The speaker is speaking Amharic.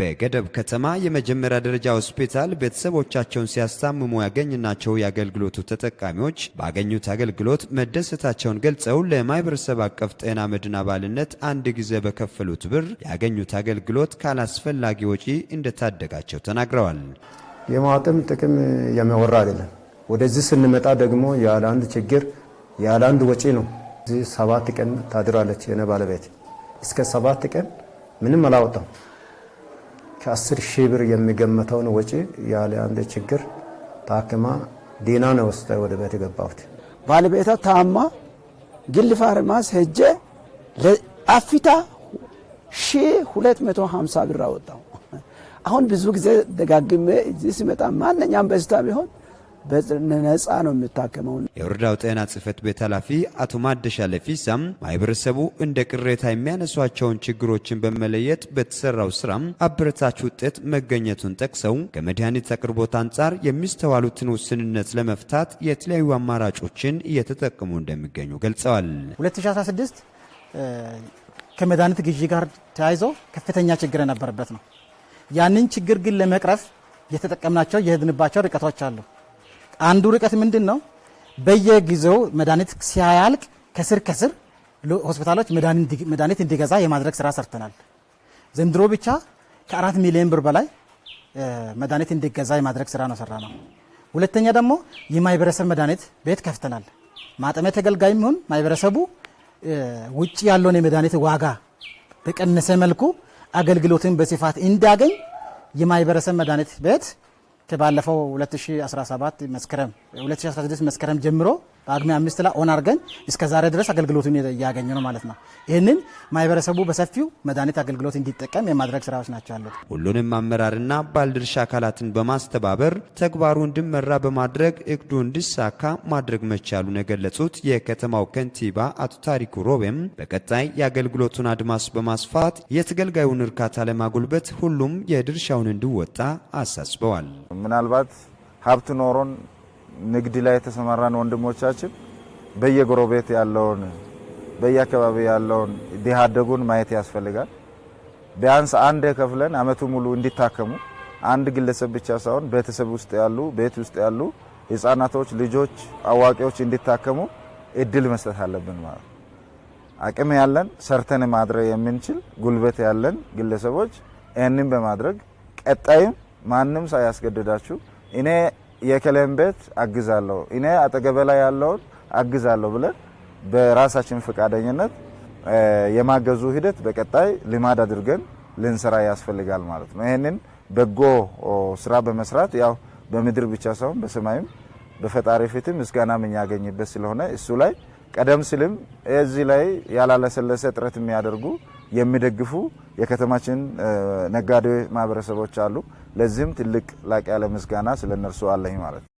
በገደብ ከተማ የመጀመሪያ ደረጃ ሆስፒታል ቤተሰቦቻቸውን ሲያስታምሙ ያገኝናቸው የአገልግሎቱ ተጠቃሚዎች ባገኙት አገልግሎት መደሰታቸውን ገልጸው ለማህበረሰብ አቀፍ ጤና መድን አባልነት አንድ ጊዜ በከፈሉት ብር ያገኙት አገልግሎት ካላስፈላጊ ወጪ እንደታደጋቸው ተናግረዋል። የማጥም ጥቅም የሚወራ አይደለም። ወደዚህ ስንመጣ ደግሞ ያለ አንድ ችግር ያለ አንድ ወጪ ነው። ሰባት ቀን ታድራለች የነ ባለቤት እስከ ሰባት ቀን ምንም አላወጣም። ከአስር ሺህ ብር የሚገመተውን ወጪ ያለ አንድ ችግር ታክማ ዲና ነው ውስጥ ወደ ቤት የገባሁት። ባለቤቷ ታማ ግል ፋርማስ ሄጄ ለአፊታ ሺህ ሁለት መቶ ሀምሳ ብር አወጣው። አሁን ብዙ ጊዜ ደጋግሜ እዚህ ሲመጣ ማንኛውም በሽታ ቢሆን በነፃ ነው የምታከመው። የወረዳው ጤና ጽህፈት ቤት ኃላፊ አቶ ማደሻ ለፊሳም ማህበረሰቡ እንደ ቅሬታ የሚያነሷቸውን ችግሮችን በመለየት በተሰራው ስራም አበረታች ውጤት መገኘቱን ጠቅሰው ከመድኃኒት አቅርቦት አንጻር የሚስተዋሉትን ውስንነት ለመፍታት የተለያዩ አማራጮችን እየተጠቀሙ እንደሚገኙ ገልጸዋል። 2016 ከመድኃኒት ግዢ ጋር ተያይዞ ከፍተኛ ችግር የነበረበት ነው። ያንን ችግር ግን ለመቅረፍ የተጠቀምናቸው የሄድንባቸው ርቀቶች አሉ። አንዱ ርቀት ምንድን ነው? በየጊዜው መድኃኒት ሲያያልቅ ከስር ከስር ሆስፒታሎች መድኃኒት እንዲገዛ የማድረግ ስራ ሰርተናል። ዘንድሮ ብቻ ከአራት ሚሊዮን ብር በላይ መድኃኒት እንዲገዛ የማድረግ ስራ ነው ሰራ ነው። ሁለተኛ ደግሞ የማህበረሰብ መድኃኒት ቤት ከፍተናል። ማጠሚያ ተገልጋይም ይሁን ማህበረሰቡ ውጭ ያለውን የመድኃኒት ዋጋ በቀነሰ መልኩ አገልግሎትን በስፋት እንዲያገኝ የማህበረሰብ መድኃኒት ቤት ከባለፈው 2017 መስከረም 2016 መስከረም ጀምሮ ጳጉሜ አምስት ላይ ኦን አድርገን እስከ ዛሬ ድረስ አገልግሎቱን እያገኘ ነው ማለት ነው። ይህንን ማህበረሰቡ በሰፊው መድኃኒት አገልግሎት እንዲጠቀም የማድረግ ስራዎች ናቸው ያሉት። ሁሉንም አመራርና ባለድርሻ አካላትን በማስተባበር ተግባሩ እንዲመራ በማድረግ እቅዱ እንዲሳካ ማድረግ መቻሉን የገለጹት የከተማው ከንቲባ አቶ ታሪኩ ሮቤም በቀጣይ የአገልግሎቱን አድማስ በማስፋት የተገልጋዩን እርካታ ለማጎልበት ሁሉም የድርሻውን እንዲወጣ አሳስበዋል። ምናልባት ሀብት ኖሮን ንግድ ላይ የተሰማራን ወንድሞቻችን በየጎረቤት ያለውን በየአካባቢ ያለውን ድሃ አደጉን ማየት ያስፈልጋል። ቢያንስ አንድ ከፍለን አመቱ ሙሉ እንዲታከሙ አንድ ግለሰብ ብቻ ሳይሆን ቤተሰብ ውስጥ ያሉ ቤት ውስጥ ያሉ ህጻናቶች፣ ልጆች፣ አዋቂዎች እንዲታከሙ እድል መስጠት አለብን ማለት ነው። አቅም ያለን ሰርተን ማድረግ የምንችል ጉልበት ያለን ግለሰቦች ይህንን በማድረግ ቀጣይም ማንም ሳያስገድዳችሁ እኔ የከለን ቤት አግዛለሁ እኔ አጠገበ ላይ ያለውን አግዛለሁ ብለን በራሳችን ፈቃደኝነት የማገዙ ሂደት በቀጣይ ልማድ አድርገን ልንሰራ ያስፈልጋል ማለት ነው። ይህንን በጎ ስራ በመስራት ያው በምድር ብቻ ሳይሆን በሰማይም በፈጣሪ ፊትም ምስጋና የምናገኝበት ስለሆነ እሱ ላይ ቀደም ሲልም እዚህ ላይ ያላለሰለሰ ጥረት የሚያደርጉ የሚደግፉ የከተማችን ነጋዴ ማህበረሰቦች አሉ። ለዚህም ትልቅ ላቅ ያለ ምስጋና ስለ እነርሱ አለኝ ማለት ነው።